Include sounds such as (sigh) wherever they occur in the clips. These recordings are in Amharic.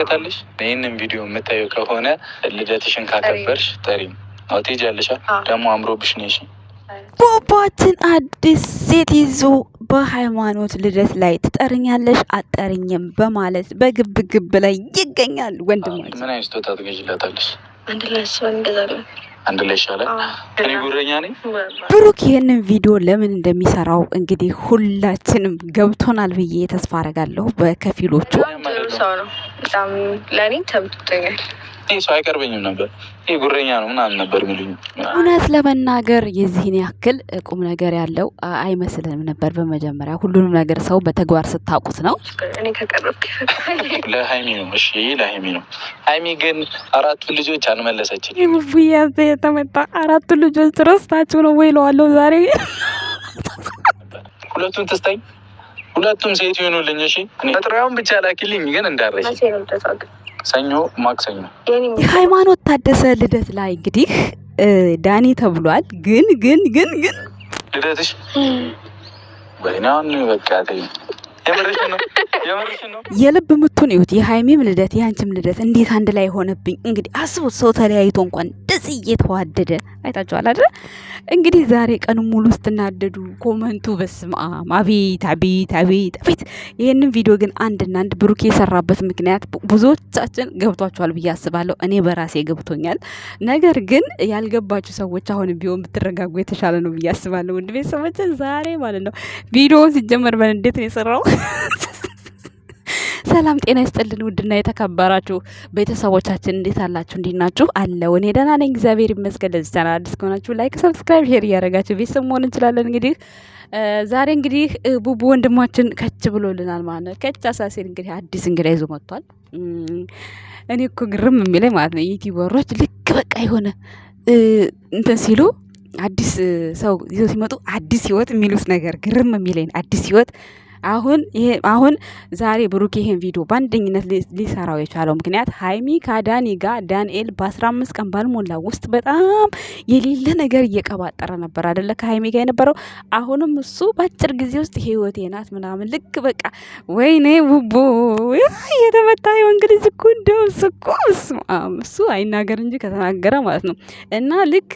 ትመለከታለች። ይህንን ቪዲዮ የምታየው ከሆነ ልደትሽን ካከበርሽ ጠሪ አዎ ትሄጃለሽ። ደግሞ አምሮብሽ ነሽ። ቦባችን አዲስ ሴት ይዞ በሃይማኖት ልደት ላይ ትጠርኛለሽ አጠርኝም በማለት በግብ ግብ ላይ ይገኛል። ወንድም ምን አይነት ስጦታ ትገዥላታለሽ? አንድ ላይ እንገዛለን። አንድ ላይ ይሻላል። እኔ ጉረኛ ነኝ። ብሩክ ይህንን ቪዲዮ ለምን እንደሚሰራው እንግዲህ ሁላችንም ገብቶናል ብዬ ተስፋ አረጋለሁ። በከፊሎቹ ሰው ነው በጣም ለእኔ ተምቶኛል። ሰው አይቀርበኝም ነበር። ይህ ጉረኛ ነው ምናምን ነበር የሚሉኝ። እውነት ለመናገር የዚህን ያክል ቁም ነገር ያለው አይመስልንም ነበር በመጀመሪያ። ሁሉንም ነገር ሰው በተግባር ስታውቁት ነው። ለሀይሚ ነው እሺ፣ ለሀይሚ ነው። ሀይሚ ግን አራቱ ልጆች አልመለሰችም። ቡያዘ የተመጣ አራቱ ልጆች ረስታችሁ ነው ወይ ዛሬ ሁለቱን ትስተኝ ሁለቱም ሴት ይሆኑልኝ። እሺ ጥሪያውን ብቻ ላኪልኝ፣ ግን እንዳረሽ ሰኞ ማክሰኞ። የሃይማኖት ታደሰ ልደት ላይ እንግዲህ ዳኒ ተብሏል። ግን ግን ግን ግን ልደትሽ ወይናን በቃ የልብ ምቱን ይሁት የሀይሜም ልደት የአንችም ልደት እንዴት አንድ ላይ ሆነብኝ። እንግዲህ አስቡት ሰው ተለያይቶ እንኳን ደስ እየተዋደደ አይታችኋል አይደል? እንግዲህ ዛሬ ቀን ሙሉ ስትናደዱ ኮመንቱ በስመ አቤት አቤት አቤት አቤት። ይህንን ቪዲዮ ግን አንድና አንድ ብሩክ የሰራበት ምክንያት ብዙዎቻችን ገብቷችኋል ብዬ አስባለሁ። እኔ በራሴ ገብቶኛል። ነገር ግን ያልገባችሁ ሰዎች አሁን ቢሆን ብትረጋጉ የተሻለ ነው ብዬ አስባለሁ። ውድ ቤተሰቦችን ዛሬ ማለት ነው ቪዲዮ ሲጀመር በንዴት ነው የሰራው ሰላም ጤና ይስጥልን። ውድና የተከበራችሁ ቤተሰቦቻችን እንዴት አላችሁ? እንዴት ናችሁ? አለው እኔ ደህና ነኝ፣ እግዚአብሔር ይመስገን። ለዚህ ቻናል አዲስ ከሆናችሁ ላይክ፣ ሰብስክራይብ፣ ሼር እያደረጋችሁ ቤተሰብ መሆን እንችላለን። እንግዲህ ዛሬ እንግዲህ ቡቡ ወንድማችን ከች ብሎልናል ማለት ነው። ከች አሳሴን እንግዲህ አዲስ እንግዳ ይዞ መጥቷል። እኔ እኮ ግርም የሚለኝ ማለት ነው ዩቲዩበሮች ልክ በቃ የሆነ እንትን ሲሉ አዲስ ሰው ይዘው ሲመጡ አዲስ ህይወት የሚሉት ነገር ግርም የሚለኝ አዲስ ህይወት አሁን ይሄ አሁን ዛሬ ብሩክ ይሄን ቪዲዮ በአንደኝነት ሊሰራው የቻለው ምክንያት ሀይሚ ከዳኒ ጋር ዳንኤል በአስራ አምስት ቀን ባልሞላ ውስጥ በጣም የሌለ ነገር እየቀባጠረ ነበር አደለ? ከሀይሚ ጋር የነበረው አሁንም እሱ በአጭር ጊዜ ውስጥ ህይወቴ ናት ምናምን ልክ በቃ ወይኔ ውቦ የተመታ እንግዲህ ዝኩ እንደው ስኮ እሱ አይናገር እንጂ ከተናገረ ማለት ነው እና ልክ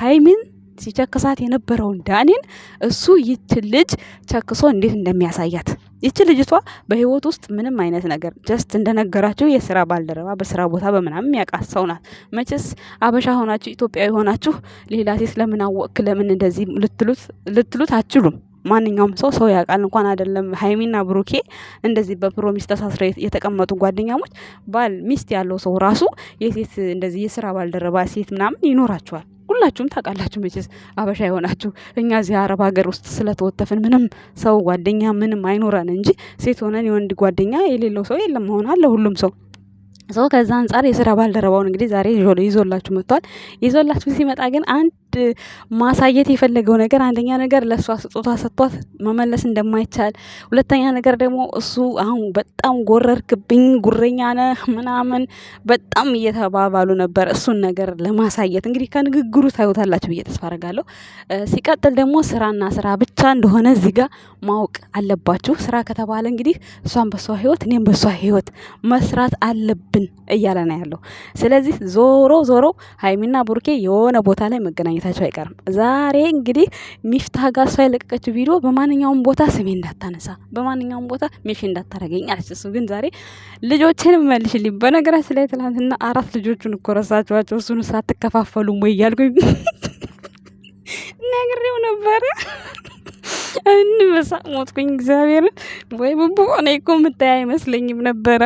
ሀይሚን ሲቸክሳት የነበረውን ዳኒን እሱ ይች ልጅ ቸክሶ እንዴት እንደሚያሳያት ይች ልጅቷ በህይወት ውስጥ ምንም አይነት ነገር ጀስት እንደነገራቸው የስራ ባልደረባ በስራ ቦታ በምናምን ያውቃት ሰው ናት። መቼስ አበሻ ሆናችሁ ኢትዮጵያዊ ሆናችሁ ሌላ ሴት ለምን አወቅክ ለምን እንደዚህ ልትሉት አትችሉም። ማንኛውም ሰው ሰው ያውቃል። እንኳን አይደለም ሀይሚና ብሩኬ እንደዚህ በፕሮሚስ ተሳስረ የተቀመጡ ጓደኛሞች፣ ባል ሚስት ያለው ሰው ራሱ የሴት እንደዚህ የስራ ባልደረባ ሴት ምናምን ይኖራቸዋል። ሁላችሁም ታውቃላችሁ መቼስ አበሻ የሆናችሁ እኛ እዚህ አረብ ሀገር ውስጥ ስለተወተፍን ምንም ሰው ጓደኛ ምንም አይኖረን እንጂ ሴት ሆነን የወንድ ጓደኛ የሌለው ሰው የለም። መሆን አለ ሁሉም ሰው ሰው ከዛ አንጻር የስራ ባልደረባውን እንግዲህ ዛሬ ይዞላችሁ መጥቷል። ይዞላችሁ ሲመጣ ግን አንድ ማሳየት የፈለገው ነገር አንደኛ ነገር ለእሷ ስጦታ ሰጥቷት መመለስ እንደማይቻል፣ ሁለተኛ ነገር ደግሞ እሱ አሁን በጣም ጎረርክብኝ፣ ጉረኛ ነህ ምናምን በጣም እየተባባሉ ነበር። እሱን ነገር ለማሳየት እንግዲህ ከንግግሩ ታዩታላችሁ ብዬ ተስፋ አረጋለሁ። ሲቀጥል ደግሞ ስራና ስራ ብቻ እንደሆነ እዚህ ጋር ማወቅ አለባችሁ። ስራ ከተባለ እንግዲህ እሷን በሷ ህይወት እኔም በሷ ህይወት መስራት አለብን። አለብን እያለ ነው ያለው። ስለዚህ ዞሮ ዞሮ ሀይሚና ቡርኬ የሆነ ቦታ ላይ መገናኘታቸው አይቀርም። ዛሬ እንግዲህ ሚፍታ ጋር እሷ የለቀቀችው ቪዲዮ በማንኛውም ቦታ ስሜ እንዳታነሳ፣ በማንኛውም ቦታ ሜሽ እንዳታረገኝ አለች። እሱ ግን ዛሬ ልጆችን መልሽልኝ። በነገራችን ላይ ትናንትና አራት ልጆቹን እኮ ረሳችኋቸው። እሱን ሳትከፋፈሉም ወይ እያልኩኝ ነግሬው ነበረ። እንበሳ ሞትኩኝ። እግዚአብሔርን ወይ ቡቡ እኔ እኮ የምታይ አይመስለኝም ነበረ።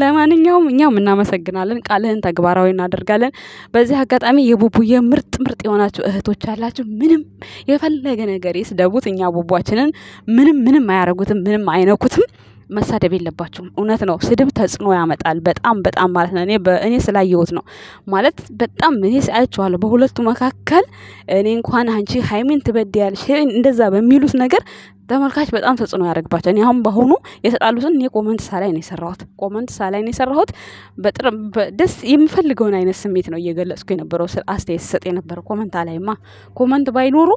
ለማንኛውም እኛም እናመሰግናለን። ቃልህን ተግባራዊ እናደርጋለን። በዚህ አጋጣሚ የቡቡዬ ምርጥ ምርጥ የሆናችሁ እህቶች አላችሁ። ምንም የፈለገ ነገር ይስደቡት፣ እኛ ቡቧችንን ምንም ምንም አያረጉትም፣ ምንም አይነኩትም። መሳደብ የለባችሁም። እውነት ነው፣ ስድብ ተጽዕኖ ያመጣል። በጣም በጣም ማለት ነው። እኔ በእኔ ስላየሁት ነው ማለት በጣም እኔ አይቼዋለሁ። በሁለቱ መካከል እኔ እንኳን አንቺ ሀይሚን ትበድያለሽ እንደዛ በሚሉት ነገር ተመልካች በጣም ተጽዕኖ ያደርግባቸው። እኔ አሁን በአሁኑ የተጣሉትን እኔ ኮመንት ሳላይ ነው የሰራሁት። ኮመንት ሳላይ ነው የሰራሁት። ደስ የምፈልገውን አይነት ስሜት ነው እየገለጽኩ የነበረው ስል አስተያየት ሰጥ የነበረው ኮመንት አላይማ። ኮመንት ባይኖሩ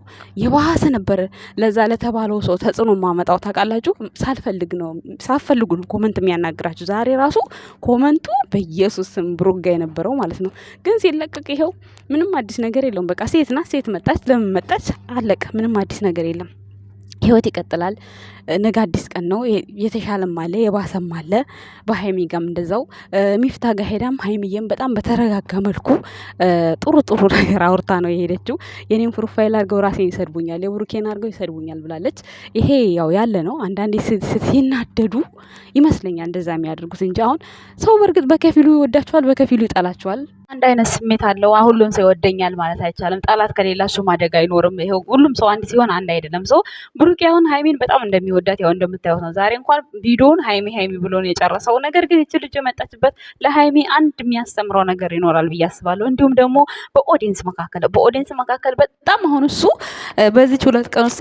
የባሰ ነበር ለዛ ለተባለው ሰው ተጽዕኖ ማመጣው። ታውቃላችሁ፣ ሳልፈልግ ነው ሳፈልጉ ነው ኮመንት የሚያናግራችሁ። ዛሬ ራሱ ኮመንቱ በኢየሱስ ስም ብሩጋ የነበረው ማለት ነው። ግን ሲለቀቅ ይኸው ምንም አዲስ ነገር የለውም። በቃ ሴትና ሴት መጣች፣ ለምን መጣች አለቀ። ምንም አዲስ ነገር የለም። ህይወት ይቀጥላል። ነገ አዲስ ቀን ነው። የተሻለም አለ የባሰም አለ። በሀይሚ ጋም እንደዛው ሚፍታ ጋር ሄዳም ሀይሚዬም በጣም በተረጋጋ መልኩ ጥሩ ጥሩ (laughs) ነገር አውርታ ነው የሄደችው። የኔም ፕሮፋይል አድርገው ራሴን ይሰድቡኛል፣ የብሩኬን አድርገው ይሰድቡኛል ብላለች። ይሄ ያው ያለ ነው። አንዳንዴ ሲናደዱ ይመስለኛል እንደዛ የሚያደርጉት እንጂ አሁን ሰው በእርግጥ በከፊሉ ይወዳችኋል፣ በከፊሉ ይጠላችኋል። አንድ አይነት ስሜት አለው። ሁሉም ሰው ይወደኛል ማለት አይቻልም። ጠላት ከሌላችሁ ማደጋ አይኖርም። ይሄው ሁሉም ሰው አንድ ሲሆን አንድ አይደለም። ሰው ብሩኬ አሁን ሀይሚን በጣም እንደሚወዳት ያው እንደምታዩት ነው። ዛሬ እንኳን ቪዲዮውን ሀይሚ ሀይሚ ብሎ ነው የጨረሰው። ነገር ግን ይቺ ልጅ የመጣችበት ለሀይሚ አንድ የሚያስተምረው ነገር ይኖራል ብዬ አስባለሁ። እንዲሁም ደግሞ በኦዲየንስ መካከል በኦዲንስ መካከል በጣም አሁን እሱ በዚች ሁለት ቀን ውስጥ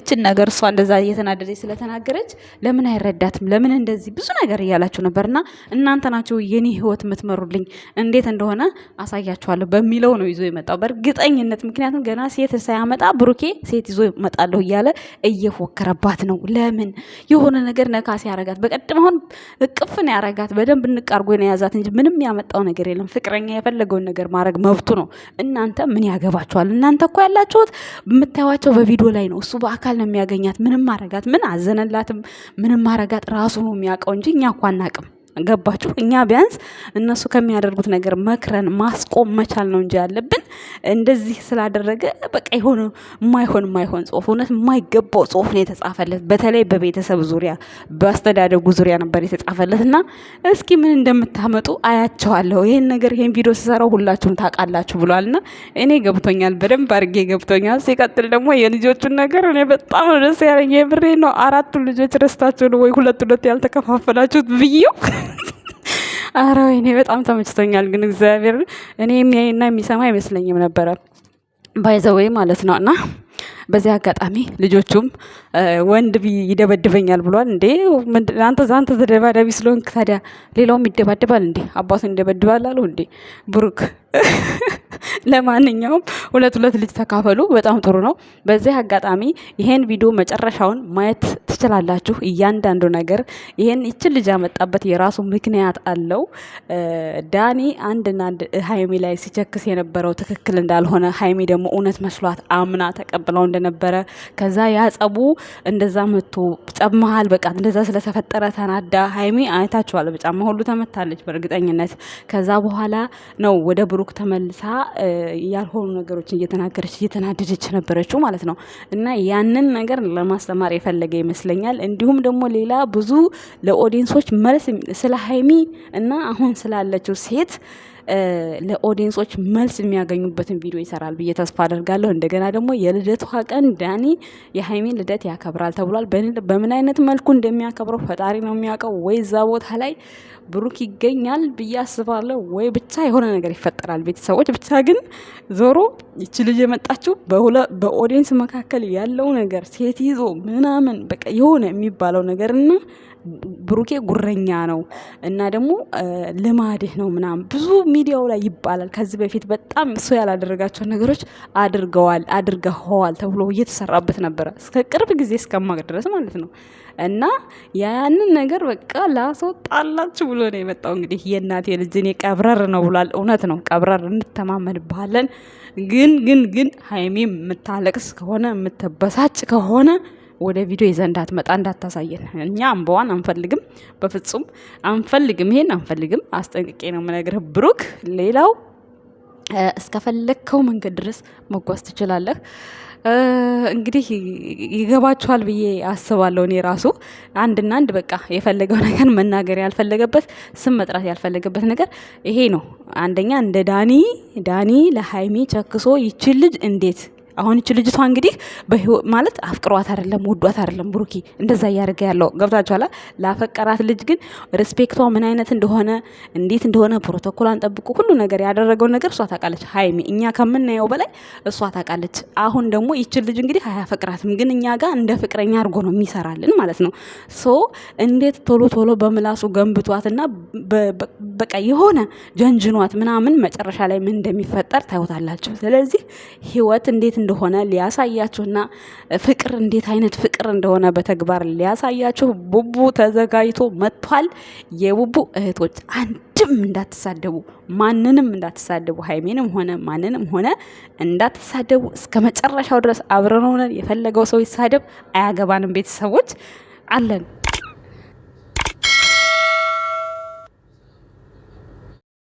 ይችን ነገር እሷ እንደዛ እየተናደደች ስለተናገረች ለምን አይረዳትም ለምን እንደዚህ ብዙ ነገር እያላችሁ ነበርና እናንተ ናችሁ የኔ ህይወት የምትመሩልኝ እንዴት እንደሆነ አሳያቸዋለሁ በሚለው ነው ይዞ የመጣው በእርግጠኝነት። ምክንያቱም ገና ሴት ሳያመጣ ብሩኬ ሴት ይዞ መጣለሁ እያለ እየፎከረባት ነው። ለምን የሆነ ነገር ነካሴ ያረጋት? በቀደም አሁን እቅፍ ነው ያረጋት፣ በደንብ እንቃርጎ ነው የያዛት እንጂ ምንም ያመጣው ነገር የለም። ፍቅረኛ የፈለገውን ነገር ማድረግ መብቱ ነው። እናንተ ምን ያገባችኋል? እናንተ እኮ ያላችሁት የምታዩቸው በቪዲዮ ላይ ነው። እሱ በአካል ነው የሚያገኛት። ምንም ማረጋት፣ ምን አዘነላትም፣ ምንም ማረጋት ራሱ ነው የሚያውቀው እንጂ እኛ እኮ አናቅም። ገባችሁ? እኛ ቢያንስ እነሱ ከሚያደርጉት ነገር መክረን ማስቆም መቻል ነው እንጂ ያለብን። እንደዚህ ስላደረገ በቃ የሆነ የማይሆን የማይሆን ጽሁፍ፣ እውነት የማይገባው ጽሁፍ ነው የተጻፈለት። በተለይ በቤተሰብ ዙሪያ በአስተዳደጉ ዙሪያ ነበር የተጻፈለት እና እስኪ ምን እንደምታመጡ አያቸዋለሁ። ይህን ነገር ይሄን ቪዲዮ ስሰራው ሁላችሁም ታውቃላችሁ ብሏል እና እኔ ገብቶኛል፣ በደንብ አድርጌ ገብቶኛል። ሲቀጥል ደግሞ የልጆቹን ነገር እኔ በጣም ደስ ያለኝ የምሬ ነው። አራቱን ልጆች ረስታችሁ ወይ ሁለት ሁለት ያልተከፋፈላችሁት ብዬው አረ ወይኔ በጣም ተመችቶኛል። ግን እግዚአብሔር እኔ የሚያይና የሚሰማ አይመስለኝም ነበረ ባይዘወይ ማለት ነው እና በዚህ አጋጣሚ ልጆቹም ወንድ ይደበድበኛል ብሏል። እንዴ አንተ ዛንተ ተደባዳቢ ስለሆንክ ታዲያ ሌላውም ይደባደባል እንዴ? አባቱን ይደበድባል አሉ እንዴ ብሩክ (laughs) ለማንኛውም ሁለት ሁለት ልጅ ተካፈሉ። በጣም ጥሩ ነው። በዚህ አጋጣሚ ይሄን ቪዲዮ መጨረሻውን ማየት ትችላላችሁ። እያንዳንዱ ነገር ይሄን ይችን ልጅ ያመጣበት የራሱ ምክንያት አለው። ዳኒ አንድና አንድ ሀይሚ ላይ ሲቸክስ የነበረው ትክክል እንዳልሆነ ሀይሚ ደግሞ እውነት መስሏት አምና ተቀብለው እንደነበረ ከዛ ያጸቡ እንደዛ መቶ ጸብ መሀል በቃ እንደዛ ስለተፈጠረ ተናዳ ሀይሚ አይታችኋል፣ በጫማ ሁሉ ተመታለች በእርግጠኝነት። ከዛ በኋላ ነው ወደ ብሩ ብሩክ ተመልሳ ያልሆኑ ነገሮችን እየተናገረች እየተናደደች ነበረችው ማለት ነው። እና ያንን ነገር ለማስተማር የፈለገ ይመስለኛል። እንዲሁም ደግሞ ሌላ ብዙ ለኦዲንሶች መልስ ስለ ሀይሚ እና አሁን ስላለችው ሴት ለኦዲንሶች መልስ የሚያገኙበትን ቪዲዮ ይሰራል ብዬ ተስፋ አደርጋለሁ። እንደገና ደግሞ የልደቷ ቀን ዳኒ የሀይሚን ልደት ያከብራል ተብሏል። በምን አይነት መልኩ እንደሚያከብረው ፈጣሪ ነው የሚያውቀው። ወይ እዛ ቦታ ላይ ብሩክ ይገኛል ብዬ አስባለሁ፣ ወይ ብቻ የሆነ ነገር ይፈጠራል። ይመስላል። ቤተሰቦች። ብቻ ግን ዞሮ ይች ልጅ የመጣችው በኦዲየንስ መካከል ያለው ነገር ሴት ይዞ ምናምን በቃ የሆነ የሚባለው ነገርና ብሩኬ ጉረኛ ነው እና ደግሞ ልማድህ ነው ምናምን ብዙ ሚዲያው ላይ ይባላል። ከዚህ በፊት በጣም እሱ ያላደረጋቸው ነገሮች አድርገዋል አድርገኸዋል ተብሎ እየተሰራበት ነበረ እስከ ቅርብ ጊዜ እስከማቅ ድረስ ማለት ነው። እና ያንን ነገር በቃ ላስወጣላችሁ ብሎ ነው የመጣው። እንግዲህ የእናቴ ልጅ እኔ ቀብረር ነው ብሏል። እውነት ነው ቀብረር እንተማመንባለን። ግን ግን ግን ሀይሜ የምታለቅስ ከሆነ የምትበሳጭ ከሆነ ወደ ቪዲዮ ይዘ እንዳትመጣ እንዳታሳየን። እኛ አንበዋን አንፈልግም፣ በፍጹም አንፈልግም፣ ይሄን አንፈልግም። አስጠንቅቄ ነው የምነግርህ ብሩክ። ሌላው እስከፈለግከው መንገድ ድረስ መጓዝ ትችላለህ። እንግዲህ ይገባችኋል ብዬ አስባለሁ። እኔ ራሱ አንድና አንድ በቃ የፈለገው ነገር መናገር ያልፈለገበት ስም መጥራት ያልፈለገበት ነገር ይሄ ነው። አንደኛ እንደ ዳኒ ዳኒ ለሀይሚ ቸክሶ ይችል ልጅ እንዴት አሁን እች ልጅቷ እንግዲህ ማለት አፍቅሯት አይደለም ወዷት አይደለም ብሩኪ እንደዛ እያደረገ ያለው ገብታችኋል። ላፈቀራት ልጅ ግን ሬስፔክቷ ምን አይነት እንደሆነ እንዴት እንደሆነ ፕሮቶኮሏን ጠብቆ ሁሉ ነገር ያደረገውን ነገር እሷ ታውቃለች። ሀይሚ እኛ ከምናየው በላይ እሷ ታውቃለች። አሁን ደግሞ ይችን ልጅ እንግዲህ አያፈቅራትም፣ ግን እኛ ጋር እንደ ፍቅረኛ አድርጎ ነው የሚሰራልን ማለት ነው። ሶ እንዴት ቶሎ ቶሎ በምላሱ ገንብቷትና በቃ የሆነ ጀንጅኗት ምናምን መጨረሻ ላይ ምን እንደሚፈጠር ታዩታላችሁ። ስለዚህ ህይወት እንዴት እንደሆነ ሊያሳያችሁና ፍቅር እንዴት አይነት ፍቅር እንደሆነ በተግባር ሊያሳያችሁ ቡቡ ተዘጋጅቶ መጥቷል። የቡቡ እህቶች አንድም እንዳትሳደቡ፣ ማንንም እንዳትሳደቡ፣ ሀይሜንም ሆነ ማንንም ሆነ እንዳትሳደቡ። እስከ መጨረሻው ድረስ አብረን ሆነን የፈለገው ሰው ይሳደብ፣ አያገባንም። ቤተሰቦች አለን።